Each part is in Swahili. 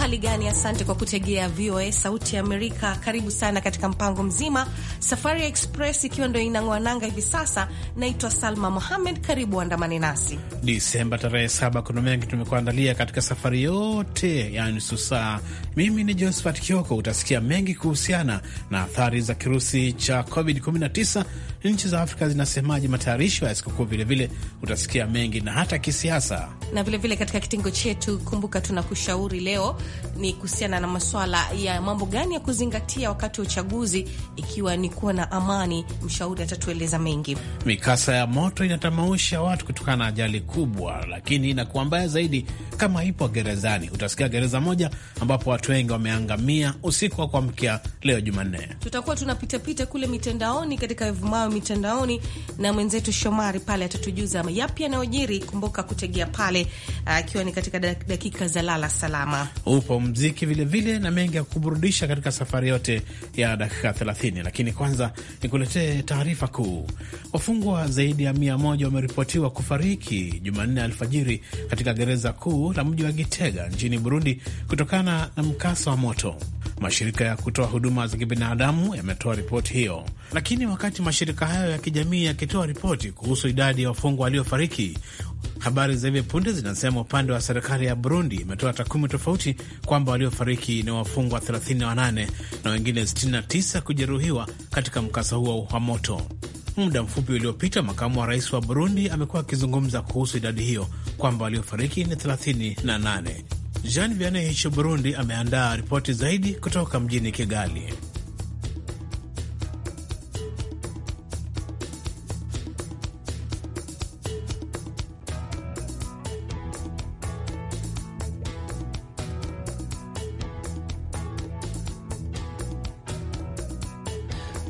hali gani? Asante kwa kutegea VOA Sauti ya Amerika. Karibu sana katika mpango mzima Safari ya Express, ikiwa ndio inangwananga hivi sasa. Naitwa Salma Mohamed, karibu andamani nasi Disemba tarehe saba. Kuna mengi tumekuandalia katika safari yote ya nusu saa. Mimi ni Josephat Kioko. Utasikia mengi kuhusiana na athari za kirusi cha COVID-19 nchi za Afrika zinasemaje matayarisho ya sikukuu. Vilevile utasikia mengi na hata kisiasa, na vilevile vile katika kitengo chetu, kumbuka tunakushauri leo ni kuhusiana na maswala ya mambo gani ya kuzingatia wakati wa uchaguzi, ikiwa ni kuwa na amani. Mshauri atatueleza mengi. Mikasa ya moto inatamausha watu kutokana na ajali kubwa, lakini inakuwa mbaya zaidi kama ipo gerezani. Utasikia gereza moja ambapo watu wengi wameangamia usiku wa kuamkia leo Jumanne. Tutakuwa tunapitapita kule mitandaoni katika Evuma mitandaoni, na mwenzetu Shomari pale atatujuza yapi yanayojiri. Kumbuka kutegea pale, uh, akiwa ni katika dakika za lala salama. Upo mziki vilevile vile, na mengi ya kuburudisha katika safari yote ya dakika 30, lakini kwanza nikuletee taarifa kuu. Wafungwa zaidi ya mia moja wameripotiwa kufariki Jumanne alfajiri katika gereza kuu la mji wa Gitega nchini Burundi kutokana na mkasa wa moto. Mashirika ya kutoa huduma za kibinadamu yametoa ripoti hiyo, lakini wakati mashirika hayo ya kijamii yakitoa ripoti kuhusu idadi ya wafungwa waliofariki, habari za hivi punde zinasema upande wa serikali ya Burundi imetoa takwimu tofauti kwamba waliofariki ni wafungwa 38 na wengine 69 kujeruhiwa katika mkasa huo wa moto. Muda mfupi uliopita makamu wa rais wa Burundi amekuwa akizungumza kuhusu idadi hiyo kwamba waliofariki ni 38. Jean Vianney Hishi, Burundi, ameandaa ripoti zaidi kutoka mjini Kigali.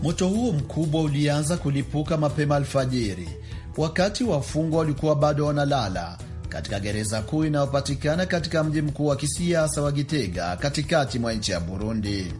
Moto huo mkubwa ulianza kulipuka mapema alfajiri, wakati wafungwa walikuwa bado wanalala katika gereza kuu inayopatikana katika mji mkuu wa kisiasa wa Gitega katikati mwa nchi ya Burundi.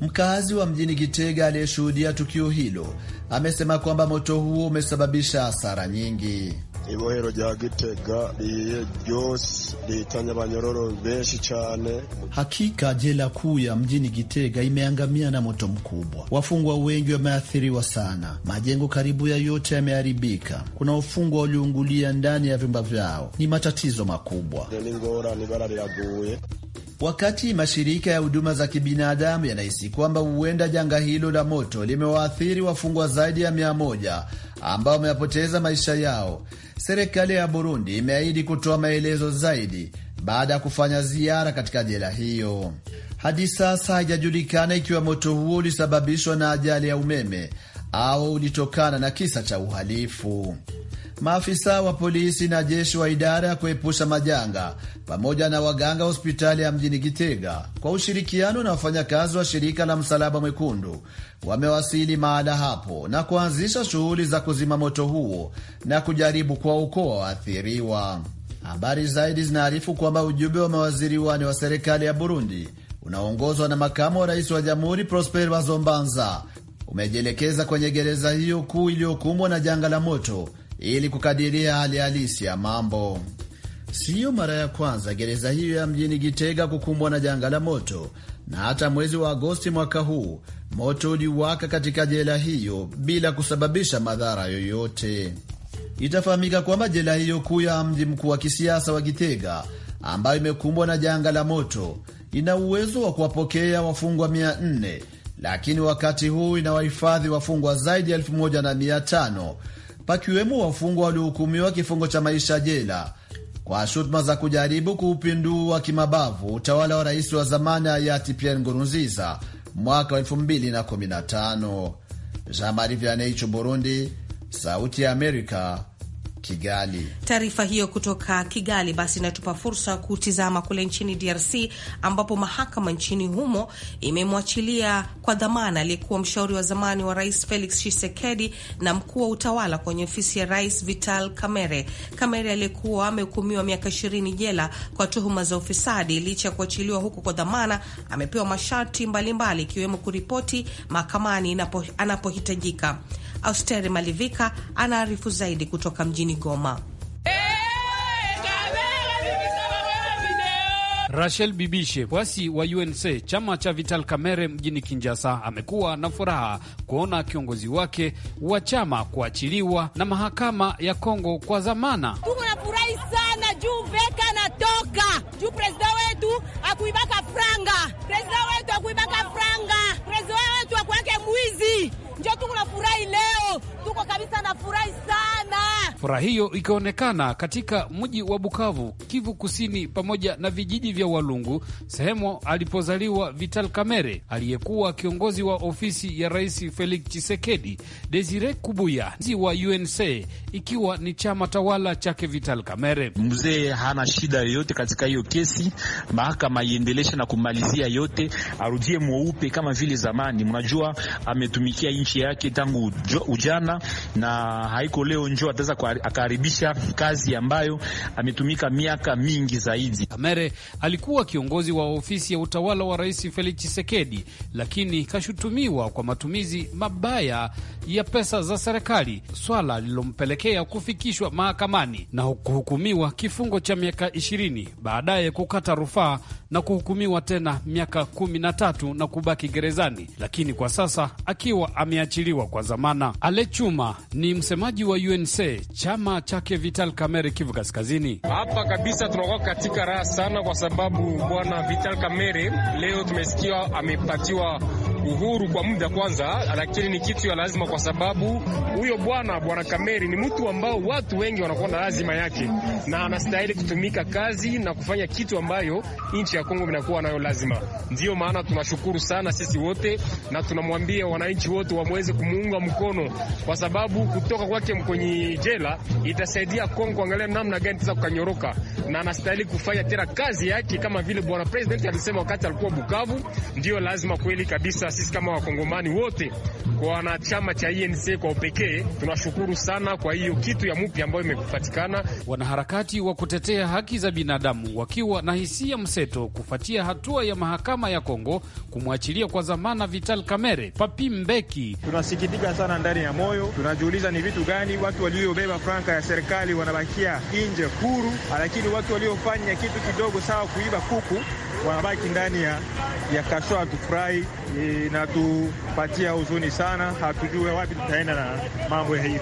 Mkazi wa mjini Gitega aliyeshuhudia tukio hilo amesema kwamba moto huo umesababisha hasara nyingi ibohero rya Gitega iye ryose ritanya abanyororo benshi cyane. Hakika jela kuu ya mjini Gitega imeangamia na moto mkubwa, wafungwa wengi wameathiriwa sana, majengo karibu ya yote yameharibika, kuna wafungwa walioungulia ndani ya vyumba vyao. Ni matatizo makubwa. Wakati mashirika ya huduma za kibinadamu yanahisi kwamba huenda janga hilo la moto limewaathiri wafungwa zaidi ya mia moja ambao wamewapoteza maisha yao, serikali ya Burundi imeahidi kutoa maelezo zaidi baada ya kufanya ziara katika jela hiyo. Hadi sasa haijajulikana ikiwa moto huo ulisababishwa na ajali ya umeme au ulitokana na kisa cha uhalifu maafisa wa polisi na jeshi wa idara ya kuepusha majanga pamoja na waganga hospitali ya mjini Gitega kwa ushirikiano na wafanyakazi wa shirika la Msalaba Mwekundu wamewasili mahala hapo na kuanzisha shughuli za kuzima moto huo na kujaribu kuwaokoa waathiriwa. Habari zaidi zinaarifu kwamba ujumbe wa mawaziri wane wa serikali ya Burundi unaoongozwa na makamu wa rais wa jamhuri Prosper Bazombanza umejielekeza kwenye gereza hiyo kuu iliyokumbwa na janga la moto ili kukadiria hali halisi ya mambo. Siyo mara ya kwanza gereza hiyo ya mjini Gitega kukumbwa na janga la moto, na hata mwezi wa Agosti mwaka huu moto uliwaka katika jela hiyo bila kusababisha madhara yoyote. Itafahamika kwamba jela hiyo kuu ya mji mkuu wa kisiasa wa Gitega, ambayo imekumbwa na janga la moto, ina uwezo wa kuwapokea wafungwa 400 lakini wakati huu inawahifadhi wafungwa zaidi ya 1500 pakiwemo wafungwa waliohukumiwa kifungo cha maisha jela kwa shutuma za kujaribu kuupindua kimabavu utawala wa rais wa zamani hayati Pierre Nkurunziza mwaka wa 2015. Jean Marie Vianney, Burundi, Sauti ya Amerika, Kigali. Taarifa hiyo kutoka Kigali basi inatupa fursa kutizama kule nchini DRC ambapo mahakama nchini humo imemwachilia kwa dhamana aliyekuwa mshauri wa zamani wa rais Felix Tshisekedi na mkuu wa utawala kwenye ofisi ya rais Vital Kamerhe. Kamerhe aliyekuwa amehukumiwa miaka ishirini jela kwa tuhuma za ufisadi, licha ya kuachiliwa huko kwa dhamana, amepewa masharti mbalimbali ikiwemo kuripoti mahakamani anapohitajika. Austeri Malivika anaarifu zaidi kutoka mjini Goma. Rachel Bibishe wasi wa UNC chama cha Vital Kamerhe mjini Kinjasa amekuwa na furaha kuona kiongozi wake wa chama kuachiliwa na mahakama ya Kongo kwa zamana. Tuko na furahi sana juu veka natoka juu, prezida wetu akuibaka franga, prezida wetu akuibaka franga hizi Ndio tuko na furahi leo, tuko kabisa na furahi sana. Furaha hiyo ikionekana katika mji wa Bukavu, Kivu Kusini, pamoja na vijiji vya Walungu, sehemu alipozaliwa Vital Kamere, aliyekuwa kiongozi wa ofisi ya Rais Felix Tshisekedi. Desire Kubuya wa UNC, ikiwa ni chama tawala chake Vital Kamere. Mzee hana shida yoyote katika hiyo kesi, mahakama iendeleshe na kumalizia yote, arudie mweupe kama vile zamani. Mnajua ametumikia nchi yake tangu ujana na haiko leo njo ataweza akaharibisha kazi ambayo ametumika miaka mingi zaidi. Kamere alikuwa kiongozi wa ofisi ya utawala wa Rais Felix Tshisekedi, lakini kashutumiwa kwa matumizi mabaya ya pesa za serikali, swala lilompelekea kufikishwa mahakamani na kuhukumiwa kifungo cha miaka ishirini, baadaye kukata rufaa na kuhukumiwa tena miaka kumi na tatu na kubaki gerezani, lakini kwa sasa akiwa ameachiliwa kwa zamana. Ale Chuma ni msemaji wa UNC chama chake Vital Kamere, Kivu Kaskazini. Hapa kabisa tunakuwa katika raha sana, kwa sababu bwana Vital Kamere leo tumesikia amepatiwa uhuru kwa muda kwanza, lakini ni kitu ya lazima, kwa sababu huyo bwana bwana Kameri ni mtu ambao watu wengi wanakuwa na lazima yake, na anastahili kutumika kazi na kufanya kitu ambayo nchi ya Kongo inakuwa nayo lazima. Ndiyo maana tunashukuru sana sisi wote, na tunamwambia wananchi wote wamweze kumuunga mkono, kwa sababu kutoka kwake mkwenye jela itasaidia Kongo kuangalia namna gani taweza kukanyoroka, na anastahili kufanya tena kazi yake kama vile bwana president alisema wakati alikuwa Bukavu. Ndiyo lazima kweli kabisa sisi kama wakongomani wote kwa wanachama cha enc kwa upekee tunashukuru sana kwa hiyo kitu ya mupya ambayo imepatikana. Wanaharakati wa kutetea haki za binadamu wakiwa na hisia mseto kufuatia hatua ya mahakama ya Kongo kumwachilia kwa zamana Vital Kamerhe Papi Mbeki. Tunasikitika sana ndani ya moyo, tunajiuliza ni vitu gani watu waliobeba franka ya serikali wanabakia nje huru, lakini watu waliofanya kitu kidogo sawa kuiba kuku wanabaki ndani ya, ya kasho. Hatufurahi, e, inatupatia huzuni sana, hatujue wapi tutaenda na mambo ya hivyo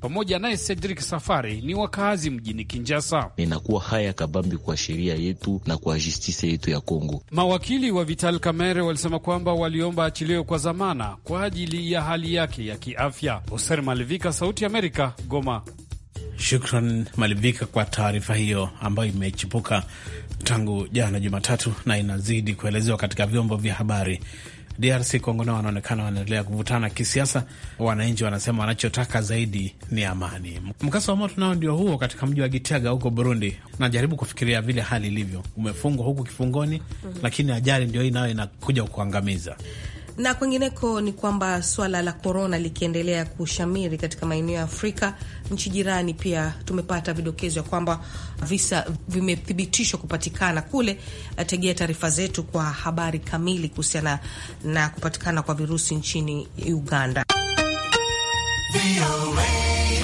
Pamoja naye Cedric Safari ni wakazi mjini kinjasa Inakuwa haya kabambi kwa sheria yetu na kwa justisi yetu ya Kongo. Mawakili wa Vital Kamerhe walisema kwamba waliomba achiliwe kwa zamana kwa ajili ya hali yake ya kiafya. Hoser Malivika, Sauti Amerika, Goma. Shukran Malivika kwa taarifa hiyo ambayo imechipuka tangu jana Jumatatu na inazidi kuelezewa katika vyombo vya habari. DRC Kongo nao wanaonekana wanaendelea kuvutana kisiasa. Wananchi wanasema wanachotaka zaidi ni amani. Mkasa wa moto nao ndio huo katika mji wa Gitega huko Burundi. Najaribu kufikiria vile hali ilivyo, umefungwa huku kifungoni, mhm. lakini ajali ndio hii nayo inakuja kuangamiza. Na kwengineko ni kwamba swala la korona likiendelea kushamiri katika maeneo ya Afrika, nchi jirani pia tumepata vidokezo ya kwamba visa vimethibitishwa kupatikana kule. Tegea taarifa zetu kwa habari kamili kuhusiana na kupatikana kwa virusi nchini Uganda.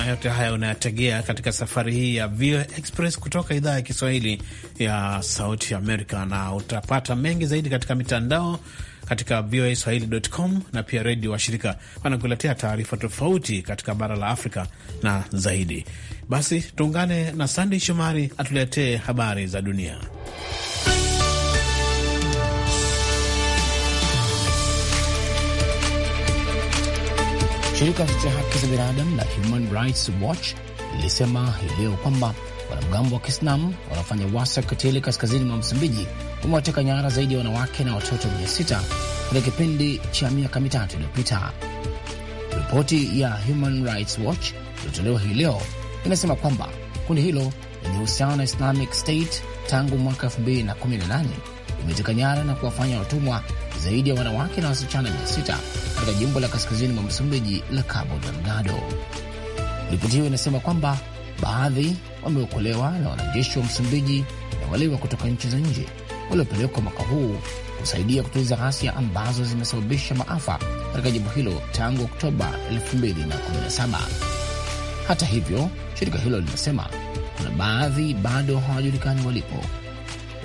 yote haya unayategea katika safari hii ya VOA Express kutoka idhaa ya Kiswahili ya Sauti Amerika, na utapata mengi zaidi katika mitandao katika VOA Swahili.com na pia redio wa shirika wanakuletea taarifa tofauti katika bara la Afrika na zaidi. Basi tuungane na Sandey Shomari atuletee habari za dunia. Shirika cha haki za binadamu la Human Rights Watch lilisema hii leo kwamba wanamgambo wa Kiislamu wanaofanya wasa katili kaskazini mwa Msumbiji umewateka nyara zaidi ya wanawake na watoto mia sita katika kipindi cha miaka mitatu iliyopita. Ripoti ya Human Rights Watch iliyotolewa hii leo inasema kwamba kundi hilo lenye uhusiano na Islamic State tangu mwaka 2018 imeteka nyara na kuwafanya watumwa zaidi ya wanawake na wasichana mia sita katika jimbo la kaskazini mwa Msumbiji la Cabo Delgado. Ripoti hiyo inasema kwamba baadhi wameokolewa na wanajeshi wa Msumbiji na wale wa kutoka nchi za nje waliopelekwa mwaka huu kusaidia kutuliza ghasia ambazo zimesababisha maafa katika jimbo hilo tangu Oktoba 2017. Hata hivyo, shirika hilo linasema kuna baadhi bado hawajulikani walipo.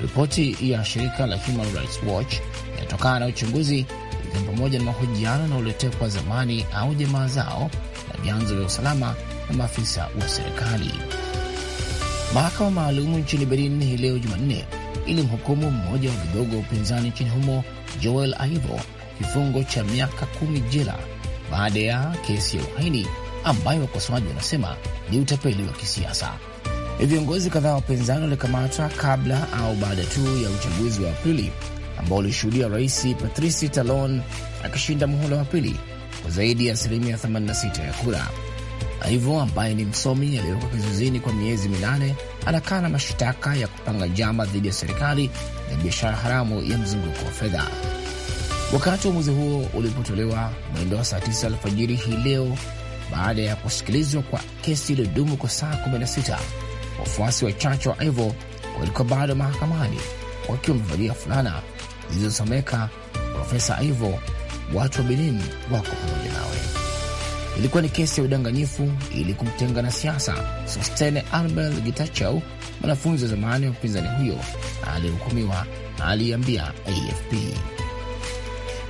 Ripoti ya shirika la Human Rights Watch inatokana na uchunguzi, ikiwa pamoja na mahojiano na waliotekwa zamani au jamaa zao na vyanzo vya usalama na maafisa wa serikali. Mahakama maalumu nchini Berlin hii leo Jumanne ilimhukumu mmoja wa vigogo wa upinzani nchini humo Joel Aivo kifungo cha miaka kumi jela baada ya kesi ya uhaini ambayo wakosoaji wanasema ni utapeli wa kisiasa. E, viongozi kadhaa wa upinzani walikamatwa kabla au baada tu ya uchaguzi wa Aprili ambao ulishuhudia Rais Patrice Talon akishinda muhula wa pili kwa zaidi ya asilimia 86 ya kura ivo ambaye ni msomi aliyewekwa kizuizini kwa miezi minane anakaa na mashtaka ya kupanga njama dhidi ya serikali na biashara haramu ya mzunguko wa fedha. Wakati uamuzi huo ulipotolewa mwendo wa saa tisa alfajiri hii leo, baada ya kusikilizwa kwa kesi iliyodumu kwa saa 16, wafuasi wachache wa ivo walikuwa bado mahakamani wakiwa wamevalia fulana zilizosomeka Profesa Aivo, watu wa Benin wako pamoja nawe ilikuwa ni kesi ya udanganyifu ili kumtenga na siasa. Sostene Albert gitachau mwanafunzi wa zamani wa mpinzani huyo aliyehukumiwa, aliambia AFP.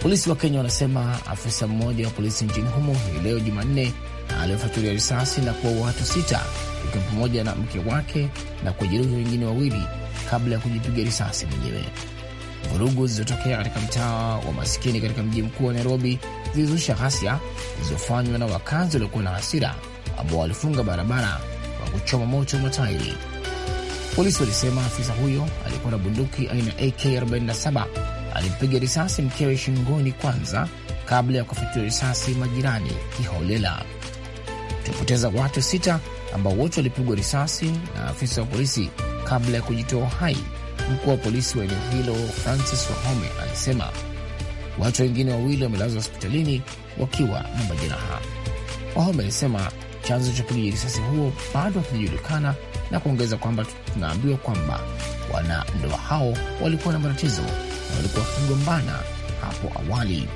Polisi wa Kenya wanasema afisa mmoja wa polisi nchini humo hii leo Jumanne aliyofatulia risasi na kuwaua watu sita ikiwa pamoja na mke wake na kujeruhi wengine wawili kabla ya kujipiga risasi mwenyewe. Vurugu zilizotokea katika mtaa wa maskini katika mji mkuu wa Nairobi zilizusha ghasia zilizofanywa na wakazi waliokuwa na hasira ambao walifunga barabara kwa kuchoma moto matairi. Polisi walisema afisa huyo alikuwa na bunduki aina AK47 alimpiga risasi mkewe shingoni kwanza kabla ya kufitua risasi majirani kiholela. Tulipoteza watu sita ambao wote walipigwa risasi na afisa wa polisi kabla ya kujitoa hai, Mkuu wa polisi wa eneo hilo Francis Wahome alisema watu wengine wawili wamelazwa hospitalini wakiwa na majeraha. Wahome alisema chanzo cha upigaji risasi huo bado hakijajulikana na kuongeza kwamba tunaambiwa kwamba wanandoa hao walikuwa na matatizo na walikuwa wakigombana hapo awali.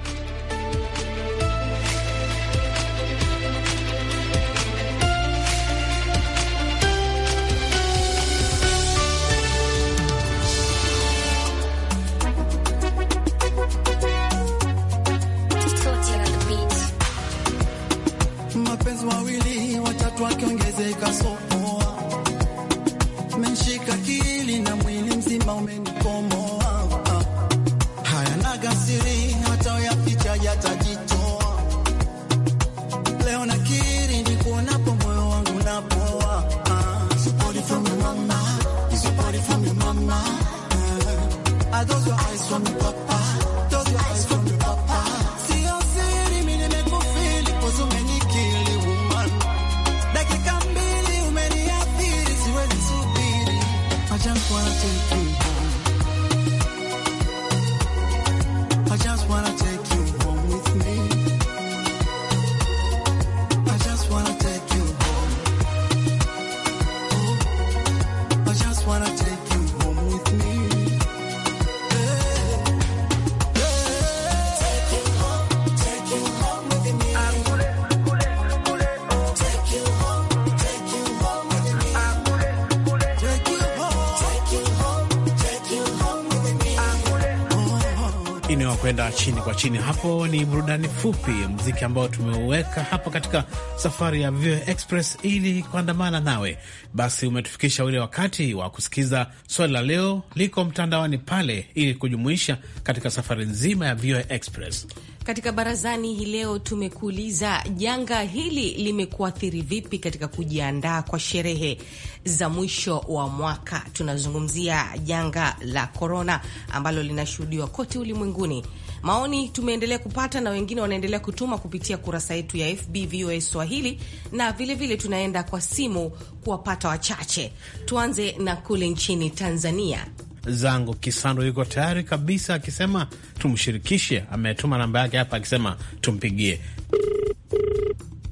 kwenda chini kwa chini. Hapo ni burudani fupi, mziki ambao tumeuweka hapo katika safari ya VOA Express ili kuandamana nawe. Basi umetufikisha ule wakati wa kusikiza swali la leo, liko mtandaoni pale, ili kujumuisha katika safari nzima ya VOA Express. Katika barazani hii leo tumekuuliza, janga hili limekuathiri vipi katika kujiandaa kwa sherehe za mwisho wa mwaka? Tunazungumzia janga la korona ambalo linashuhudiwa kote ulimwenguni. Maoni tumeendelea kupata na wengine wanaendelea kutuma kupitia kurasa yetu ya FB VOA Swahili, na vilevile vile tunaenda kwa simu kuwapata wachache. Tuanze na kule nchini Tanzania zangu Kisando yuko tayari kabisa, akisema tumshirikishe. Ametuma namba yake hapa akisema tumpigie.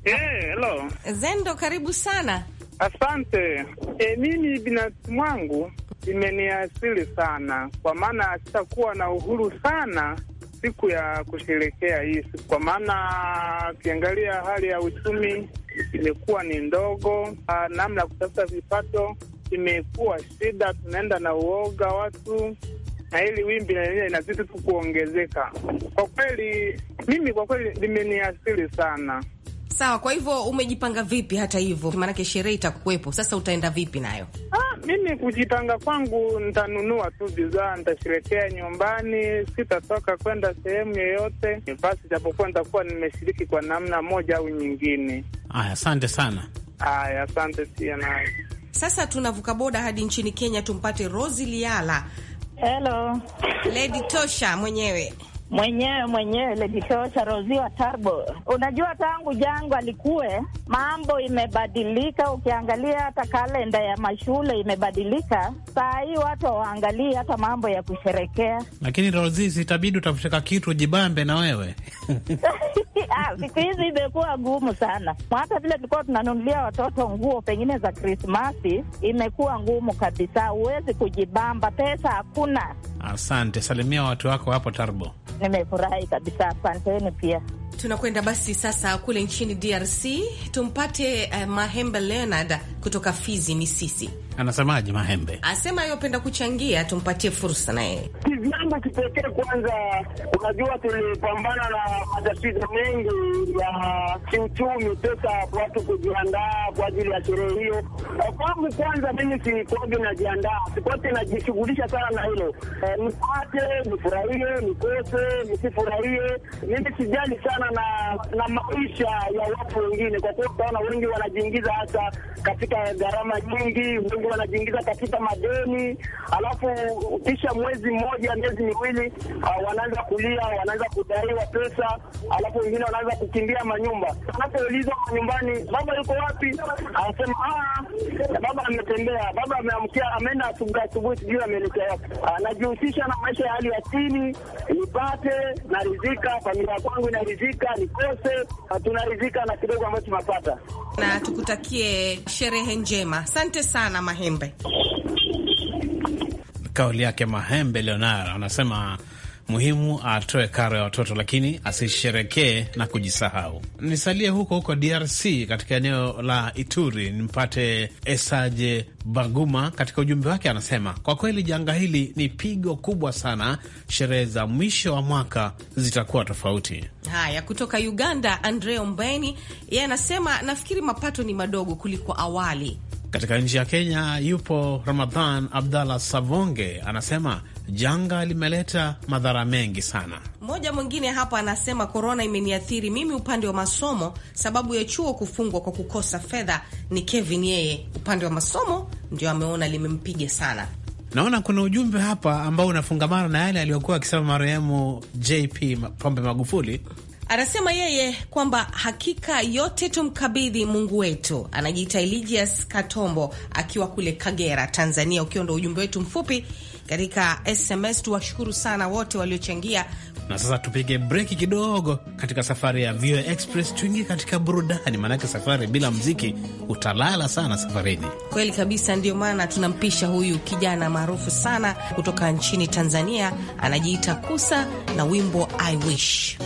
Hey, hello. Zendo, karibu sana. Asante. E, mimi binafsi mwangu imeniasili sana, kwa maana sitakuwa na uhuru sana siku ya kusherekea hii, kwa maana ukiangalia hali ya uchumi imekuwa ni ndogo, namna ya kutafuta vipato imekuwa shida, tunaenda na uoga watu na hili wimbi lenyewe inazidi tu kuongezeka. Kwa kweli, mimi kwa kweli limeniasiri sana. Sawa, kwa hivyo umejipanga vipi hata hivyo? Maanake sherehe itakuwepo, sasa utaenda vipi nayo? Ah, mimi kujipanga kwangu ntanunua tu bidhaa ntasherekea nyumbani, sitatoka kwenda sehemu yoyote basi, japokuwa nitakuwa nimeshiriki kwa namna moja au nyingine. Aya, asante sana. Aya, asante pia nayo. Sasa tunavuka boda hadi nchini Kenya tumpate Rosi Liala. Hello. Lady Tosha mwenyewe mwenyewe mwenyewe rozi Roziwa Tarbo. Unajua, tangu jangwa alikuwe mambo imebadilika. Ukiangalia hata kalenda ya mashule imebadilika, saa hii watu hawaangalii hata mambo ya kusherekea. Lakini Rozi, sitabidi utafuteka kitu jibambe na wewe ah, siku hizi imekuwa ngumu sana, hata vile tulikuwa tunanunulia watoto nguo pengine za Krismasi imekuwa ngumu kabisa, huwezi kujibamba, pesa hakuna. Asante, salimia watu wako hapo Tarbo. Nimefurahi kabisa, asanteni pia. Tunakwenda basi sasa kule nchini DRC tumpate uh, Mahembe Leonard kutoka Fizi Misisi. Anasemaje Mahembe? Asema yopenda kuchangia, tumpatie fursa naye. Kivyamba kipekee, kwanza unajua, tulipambana na matatizo mengi ya kiuchumi, pesa watu kujiandaa kwa ajili ya sherehe hiyo. Kwangu kwanza, mimi sikoje najiandaa, sikoje najishughulisha sana na hilo, eh, nipate nifurahie, nikose nisifurahie, mimi sijali sana kutokana na, na maisha ya watu wengine, kwa kuwa utaona wengi wanajiingiza hata katika gharama nyingi, wengi wanajiingiza katika madeni, alafu kisha mwezi mmoja, miezi miwili, uh, wanaanza kulia, wanaanza kudaiwa pesa, alafu wengine wanaanza kukimbia manyumba. Anapoulizwa manyumbani, baba yuko wapi? Anasema ah, baba ametembea, baba ameamkia, ameenda asubuhi asubuhi, sijui ameelekea wapi. Anajihusisha na maisha ya hali ya chini, nipate na rizika, familia kwangu inarizika tunaridhika nikose, tunaridhika na kidogo ambacho tunapata, na tukutakie sherehe njema. Asante sana Mahembe. Kauli yake Mahembe Leonara anasema muhimu atoe karo ya watoto, lakini asisherekee na kujisahau. Nisalie huko huko DRC katika eneo la Ituri, nimpate Esaje Baguma. Katika ujumbe wake anasema kwa kweli janga hili ni pigo kubwa sana, sherehe za mwisho wa mwaka zitakuwa tofauti. Haya, kutoka Uganda, Andreo Mbeni yeye anasema nafikiri mapato ni madogo kuliko awali. Katika nchi ya Kenya yupo Ramadhan Abdallah Savonge anasema janga limeleta madhara mengi sana. Mmoja mwingine hapa anasema korona imeniathiri mimi upande wa masomo, sababu ya chuo kufungwa kwa kukosa fedha. Ni Kevin, yeye upande wa masomo ndio ameona limempiga sana. Naona kuna ujumbe hapa ambao unafungamana na yale aliyokuwa akisema marehemu JP Pombe Magufuli. Anasema yeye kwamba hakika yote tumkabidhi Mungu wetu. Anajiita Eligius Katombo akiwa kule Kagera, Tanzania. Ukiwa ndo ujumbe wetu mfupi katika SMS. Tuwashukuru sana wote waliochangia, na sasa tupige breki kidogo katika safari ya VOA Express, tuingie katika burudani, maanake safari bila mziki utalala sana safarini. Kweli kabisa, ndio maana tunampisha huyu kijana maarufu sana kutoka nchini Tanzania, anajiita Kusa na wimbo I Wish.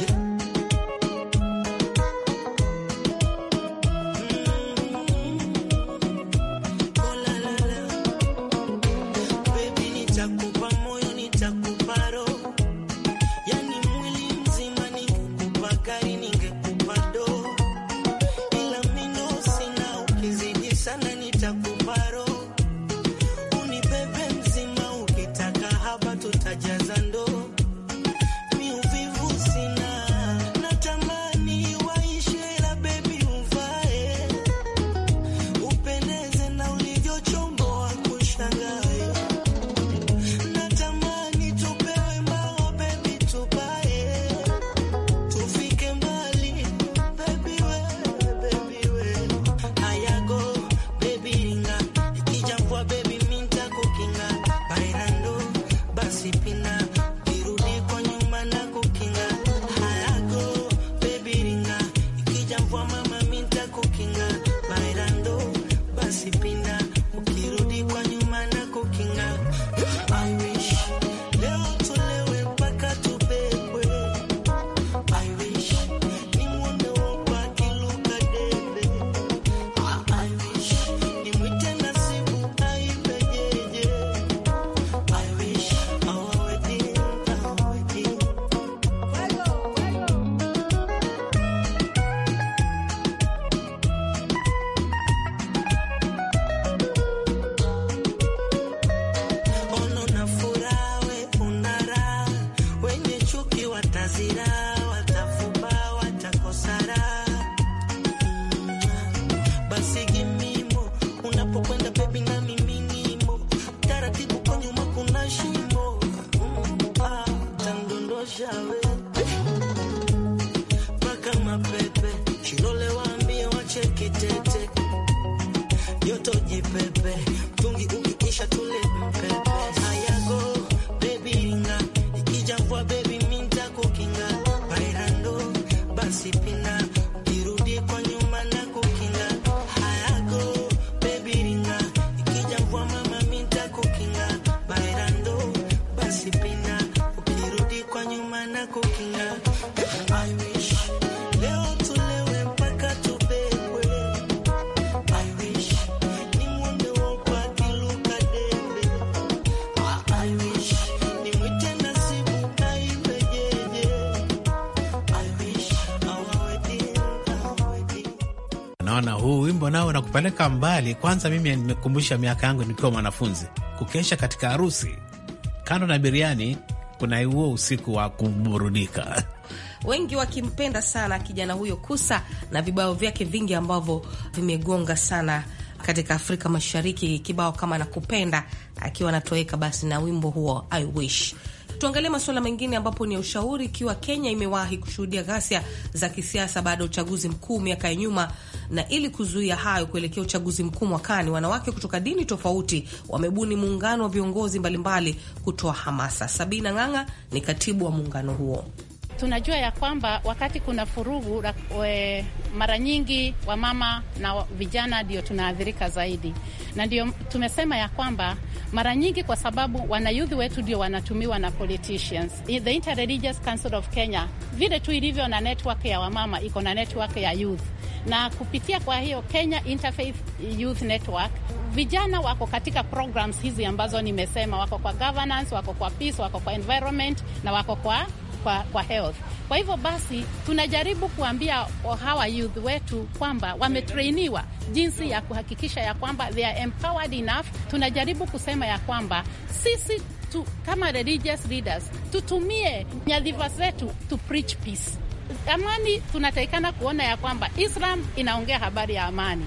naona huu wimbo nao unakupeleka mbali. Kwanza mimi nimekumbusha miaka yangu nikiwa mwanafunzi, kukesha katika harusi, kando na biriani, kuna huo usiku wa kuburudika wengi wakimpenda sana kijana huyo Kusa na vibao vyake vingi ambavyo vimegonga sana katika Afrika Mashariki. Kibao kama nakupenda akiwa anatoweka basi na wimbo huo I wish Tuangalie masuala mengine ambapo ni ya ushauri. Ikiwa Kenya imewahi kushuhudia ghasia za kisiasa baada ya uchaguzi mkuu miaka ya nyuma, na ili kuzuia hayo kuelekea uchaguzi mkuu mwakani, wanawake kutoka dini tofauti wamebuni muungano wa viongozi mbalimbali kutoa hamasa. Sabina Ng'ang'a ni katibu wa muungano huo. Tunajua ya kwamba wakati kuna furugu mara nyingi wamama na vijana ndio tunaathirika zaidi, na ndio tumesema ya kwamba mara nyingi, kwa sababu wanayuthi wetu ndio wanatumiwa na politicians. The Interreligious Council of Kenya vile tu ilivyo na network ya wamama, iko na network ya youth, na kupitia kwa hiyo Kenya Interfaith Youth Network Vijana wako katika programs hizi ambazo nimesema, wako kwa governance, wako kwa peace, wako kwa environment na wako kwa, kwa, kwa health. Kwa hivyo basi tunajaribu kuambia hawa youth wetu kwamba wametrainiwa jinsi ya kuhakikisha ya kwamba they are empowered enough. Tunajaribu kusema ya kwamba sisi tu, kama religious leaders tutumie nyadhifa zetu to preach peace, amani. Tunatakikana kuona ya kwamba Islam inaongea habari ya amani.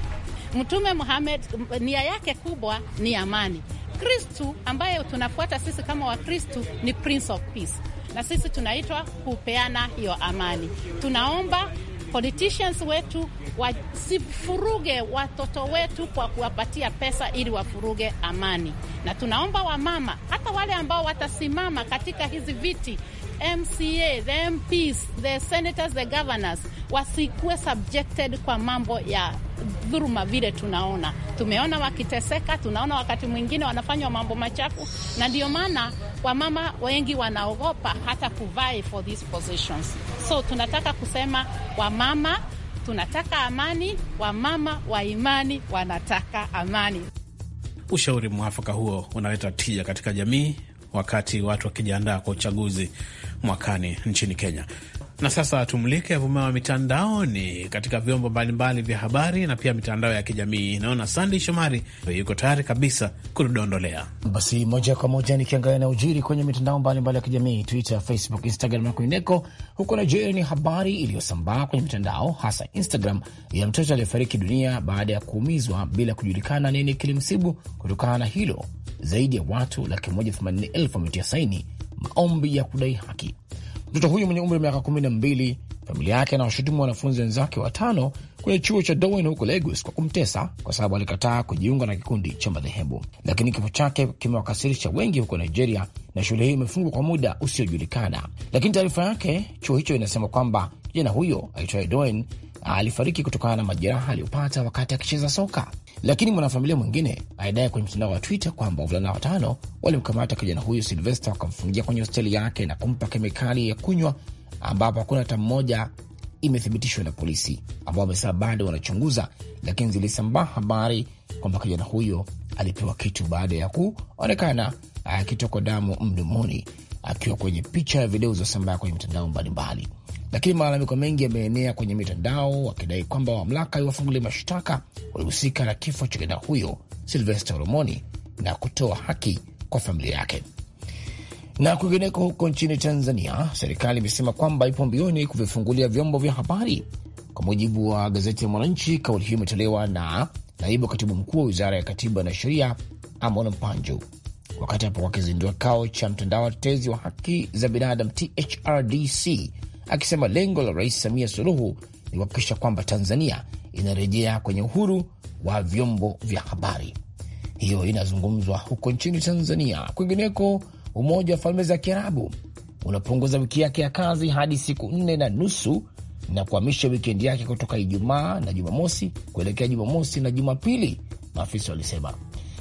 Mtume Muhammad nia yake kubwa ni amani. Kristu ambaye tunafuata sisi kama Wakristu ni Prince of Peace, na sisi tunaitwa kupeana hiyo amani. Tunaomba politicians wetu wasifuruge watoto wetu kwa kuwapatia pesa ili wafuruge amani, na tunaomba wamama, hata wale ambao watasimama katika hizi viti MCA, the MPs, the senators, the governors wasikuwe subjected kwa mambo ya dhuruma vile tunaona. Tumeona wakiteseka, tunaona wakati mwingine wanafanywa mambo machafu, na ndio maana wamama wengi wanaogopa hata kuvai for these positions. So tunataka kusema wamama tunataka amani, wamama wa imani wanataka amani. Ushauri mwafaka huo unaleta tija katika jamii wakati watu wakijiandaa kwa uchaguzi mwakani nchini Kenya. Na sasa tumulike wa mitandaoni katika vyombo mbalimbali vya habari na pia mitandao ya kijamii. Naona Sandey Shomari yuko tayari kabisa kudondolea. Basi moja kwa moja nikiangalia na ujiri kwenye mitandao mbalimbali ya kijamii, Twitter, Facebook, Instagram na kwingineko. Huko Nigeria ni habari iliyosambaa kwenye mitandao, hasa Instagram, ya mtoto aliyefariki dunia baada ya kuumizwa bila kujulikana nini kilimsibu. Kutokana na hilo, zaidi ya watu laki moja themanini elfu wametia saini maombi ya kudai haki Mtoto huyo mwenye umri wa miaka kumi na mbili, familia yake anawashutumu wanafunzi wenzake watano kwenye chuo cha Dowen huko Lagos kwa kumtesa kwa sababu alikataa kujiunga na kikundi cha madhehebu. Lakini kifo chake kimewakasirisha wengi huko Nigeria na shule hiyo imefungwa kwa muda usiojulikana. Lakini taarifa yake chuo hicho inasema kwamba kijana huyo aitwaye Dowen alifariki kutokana na majeraha aliyopata wakati akicheza soka. Lakini mwanafamilia mwingine anadai kwenye mtandao wa Twitter kwamba wavulana watano walimkamata kijana huyu Silvesta, wakamfungia kwenye hosteli yake na kumpa kemikali ya kunywa, ambapo hakuna hata mmoja imethibitishwa na polisi, ambao wamesema bado wanachunguza, lakini zilisambaa habari kwamba kijana huyo alipewa kitu baada ya kuonekana akitokwa damu mdomoni, akiwa kwenye picha ya video zilizosambaa kwenye mitandao mbalimbali lakini malalamiko mengi yameenea kwenye mitandao wakidai kwamba mamlaka iwafungulie mashtaka walihusika na kifo cha kijana huyo Silvesta Olomoni na kutoa haki kwa familia yake. Na kwingineko huko nchini Tanzania, serikali imesema kwamba ipo mbioni kuvifungulia vyombo vya habari. Kwa mujibu wa gazeti ya Mwananchi, kauli hiyo imetolewa na naibu katibu mkuu wa wizara ya katiba na sheria Amon Mpanju wakati hapo wakizindua kikao cha mtandao wa tetezi wa haki za binadamu THRDC akisema lengo la Rais Samia Suluhu ni kuhakikisha kwamba Tanzania inarejea kwenye uhuru wa vyombo vya habari. Hiyo inazungumzwa huko nchini Tanzania. Kwingineko, Umoja wa Falme za Kiarabu unapunguza wiki yake ya kazi hadi siku nne na nusu na kuhamisha wikendi yake kutoka Ijumaa na Jumamosi kuelekea Jumamosi na Jumapili, maafisa walisema.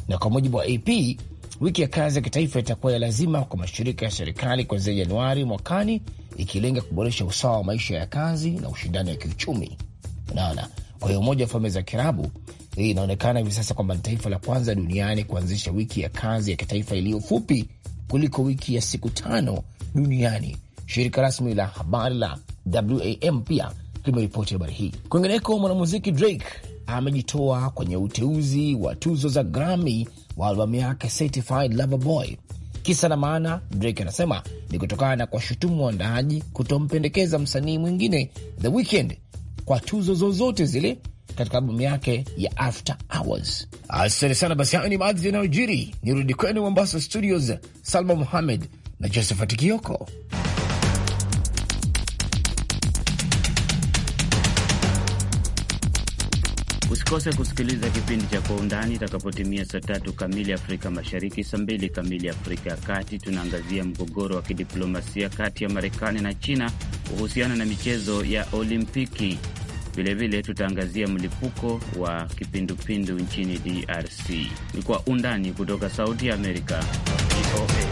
Na kwa mujibu wa AP, wiki ya kazi ya kitaifa itakuwa ya lazima kwa mashirika ya serikali kuanzia Januari mwakani ikilenga kuboresha usawa wa maisha ya kazi na ushindani wa kiuchumi. Unaona, kwa hiyo Umoja wa Falme za Kiarabu eh, inaonekana hivi sasa kwamba ni taifa la kwanza duniani kuanzisha wiki ya kazi ya kitaifa iliyo fupi kuliko wiki ya siku tano duniani. Shirika rasmi la habari la WAM pia limeripoti habari hii. Kwingineko, mwanamuziki Drake amejitoa kwenye uteuzi wa tuzo za Grammy wa albamu yake Certified Lover Boy Kisa na maana, Drake anasema ni kutokana na kuwashutumu waandaaji kutompendekeza msanii mwingine The Weeknd kwa tuzo zozote zile katika albamu yake ya After Hours. Asante sana. Basi hayo ni baadhi yanayojiri. Nirudi kwenu Mombasa Studios, Salma Muhamed na Josephat Kioko. Usikose kusikiliza kipindi cha Kwa Undani itakapotimia saa tatu kamili Afrika Mashariki, saa mbili kamili Afrika ya Kati. Tunaangazia mgogoro wa kidiplomasia kati ya Marekani na China kuhusiana na michezo ya Olimpiki. Vilevile tutaangazia mlipuko wa kipindupindu nchini DRC. Ni Kwa Undani kutoka Sauti ya Amerika, VOA.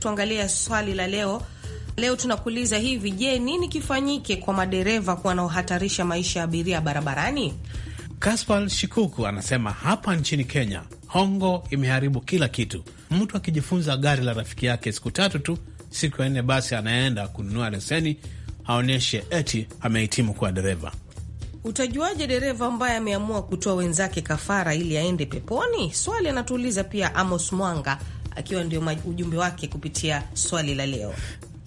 Tuangalie swali la leo. Leo tunakuuliza hivi, je, nini kifanyike kwa madereva wanaohatarisha maisha ya abiria barabarani? Kaspal Shikuku anasema hapa nchini Kenya hongo imeharibu kila kitu. Mtu akijifunza gari la rafiki yake siku tatu tu, siku ya nne basi anaenda kununua leseni aonyeshe eti amehitimu kuwa dereva. Utajuaje dereva ambaye ameamua kutoa wenzake kafara ili aende peponi? Swali anatuuliza pia Amos Mwanga, akiwa ndio ujumbe wake kupitia swali la leo.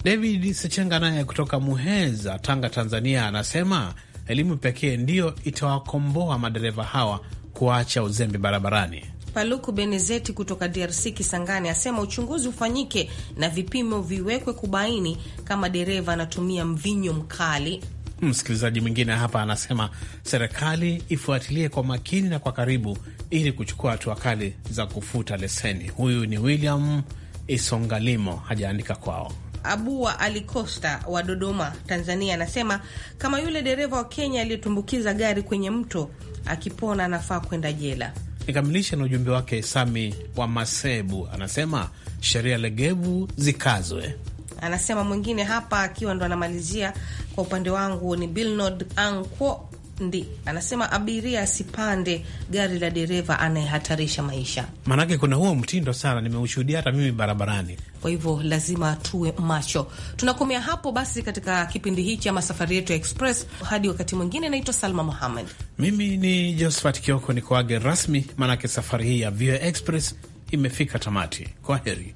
David Sechenga naye kutoka Muheza, Tanga, Tanzania, anasema elimu pekee ndiyo itawakomboa madereva hawa kuacha uzembe barabarani. Paluku Benezeti kutoka DRC Kisangani asema uchunguzi ufanyike na vipimo viwekwe kubaini kama dereva anatumia mvinyo mkali. Msikilizaji mwingine hapa anasema serikali ifuatilie kwa makini na kwa karibu ili kuchukua hatua kali za kufuta leseni. Huyu ni William Isongalimo, hajaandika kwao. Abua Ali kosta wa Dodoma, Tanzania, anasema kama yule dereva wa Kenya aliyetumbukiza gari kwenye mto, akipona anafaa kwenda jela. Nikamilisha na ujumbe wake. Sami wa Masebu anasema sheria legevu zikazwe. Anasema mwingine hapa akiwa ndo anamalizia, kwa upande wangu ni Bilnod Anko ndi anasema abiria asipande gari la dereva anayehatarisha maisha, maanake kuna huo mtindo sana, nimeushuhudia hata mimi barabarani. Kwa hivyo lazima tuwe macho. Tunakomea hapo basi katika kipindi hichi ama safari yetu ya Express. Hadi wakati mwingine, naitwa Salma muhamed mimi ni Josephat Kioko, nikuage rasmi, maanake safari hii ya VOA Express imefika tamati. Kwa heri.